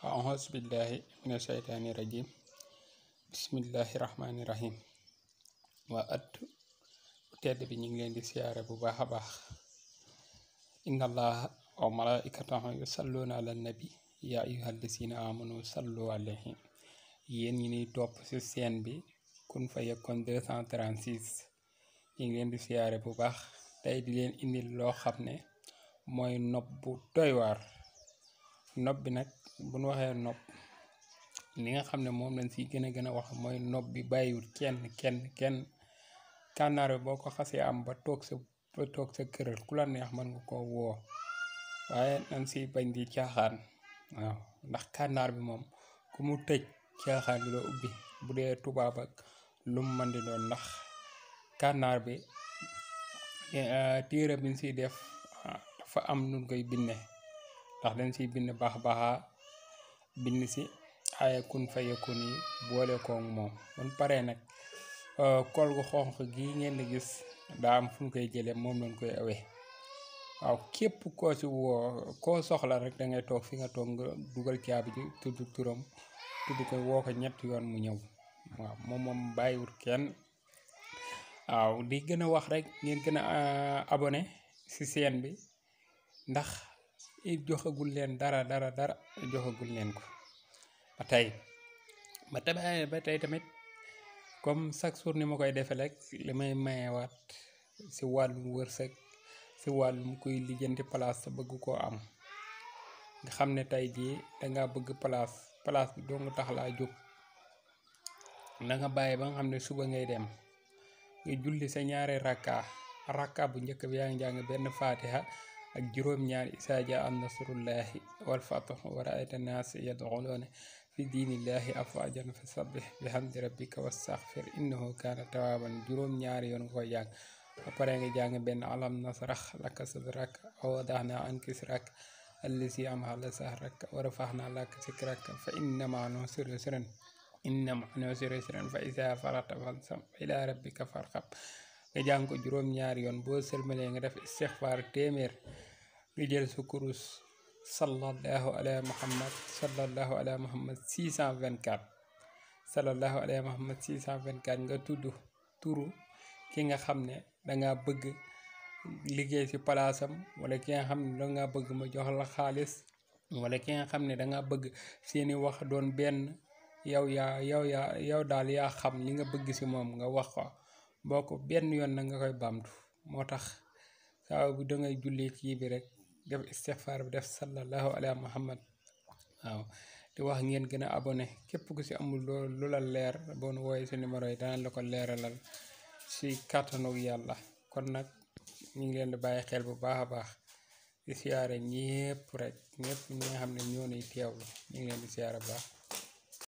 أعوذ بالله من الشيطان الرجيم بسم الله الرحمن الرحيم وأد تedd bi ñu ngi leen di siyaare bu baax a baax inna allaha wa malaikatahu yusalluna ala nabi ya ayyuhalladhina amanu sallu alayhi yéen ñi ni topp ci seen bi kun fa yakun 236 ñu leen di siyaare bu baax tey di leen indil loo xam ne mooy nopp bu doy nopp bi nag bu nu waxee nopp ni nga xam ne moom lañ si gën a gën a wax mooy nopp bi bàyyiwul kenn kenn kenn kànnaar bi boo ko xasee am ba toog sa ba këral ku la neex mën nga koo woo waaye nañ si bañ di caaxaan waaw ndax kànnaar bi moom ku mu tëj caaxaan du la ubbi bu dee tubaab ak lu mën di doon ndax kànnaar bi eh, téere bi ah, ñu siy def fa am nun koy bindee ndax dañ siy bind baax baaxaa bind si aaya kun fa yakun yi boole koog moom mun nag euh, kol gu xonq gii ngeen di gis daa am koy jëlee moom lañ koy awee waaw képp koo ci woo koo soxla rek da ngay toog fi nga toog nga dugal caabi ji tudd turam tudd ko woo ko ñetti yoon mu ñëw waaw moom moom bàyyiwul kenn waaw di gën a wax rek ngeen gën a euh, abonné si chaîne bi ndax joxagul leen dara dara dara joxagul leen ko ba tey ba tey ba tey tamit comme chaque jour ni ma koy defee lekk li may wat si wàllum wërsëg si wàllum koy lijjanti place sa bëgg koo am nga xam ne tey jii danga bëgg place place bi dong tax laa jóg nanga nga bàyyi ba nga xam ne suba ngay dem nga julli sa ñaari rakka rakka bu njëkk bi yaa ngi jàng benn faatiha ak juróom-ñaari isaa jaa am nasrullahi wal fathu wa raayta naas yadxuluuna fi diinillahi afwajan fasabbih bihamdi rabbika wastaxfir innahu kaana tawaaban juróom-ñaari yoon nga koy jàng ba pare nga jàng benn alam nasrax laka sadrak wa wadaxnaa anki srak allasi amxala sahrak wa rafaxnaa laka sikrak fa inna maa nusri yusran inna maa fa isaa rabbika farxab nga jàng ko juróom-ñaari yoon boo sëlmalee nga def istixfaar téeméer nga jël sa kurus sallallahu ala muhammad sallallahu ala muhammad 624 sallallahu ala muhammad 624 nga tudd turu ki nga xam ne danga bëgg liggéey ci palaasam wala ki nga xam ne danga bëgg ma jox la xaalis wala ki xam ne danga bëgg seeni wax doon benn yow yaa yow yaa yow daal yaa xam li nga bëgg ci moom nga wax ko boo ko benn yoon nag nga koy baamtu moo tax saa bu dangay julli kii bi rek def istixfaar bi def sallallahu ala muhammad waaw di wax ngeen gën a abonné képp ku si amul loolu la leer boo nu wooyee si numéro yi danañ la ko leeralal si kàttanu yàlla kon nag ñu ngi leen di bàyyi xel bu baax a baax di siyaare ñépp rek ñépp ñi xam ne ñoo nuy teewlu ñu ngi leen di siyaare bu baax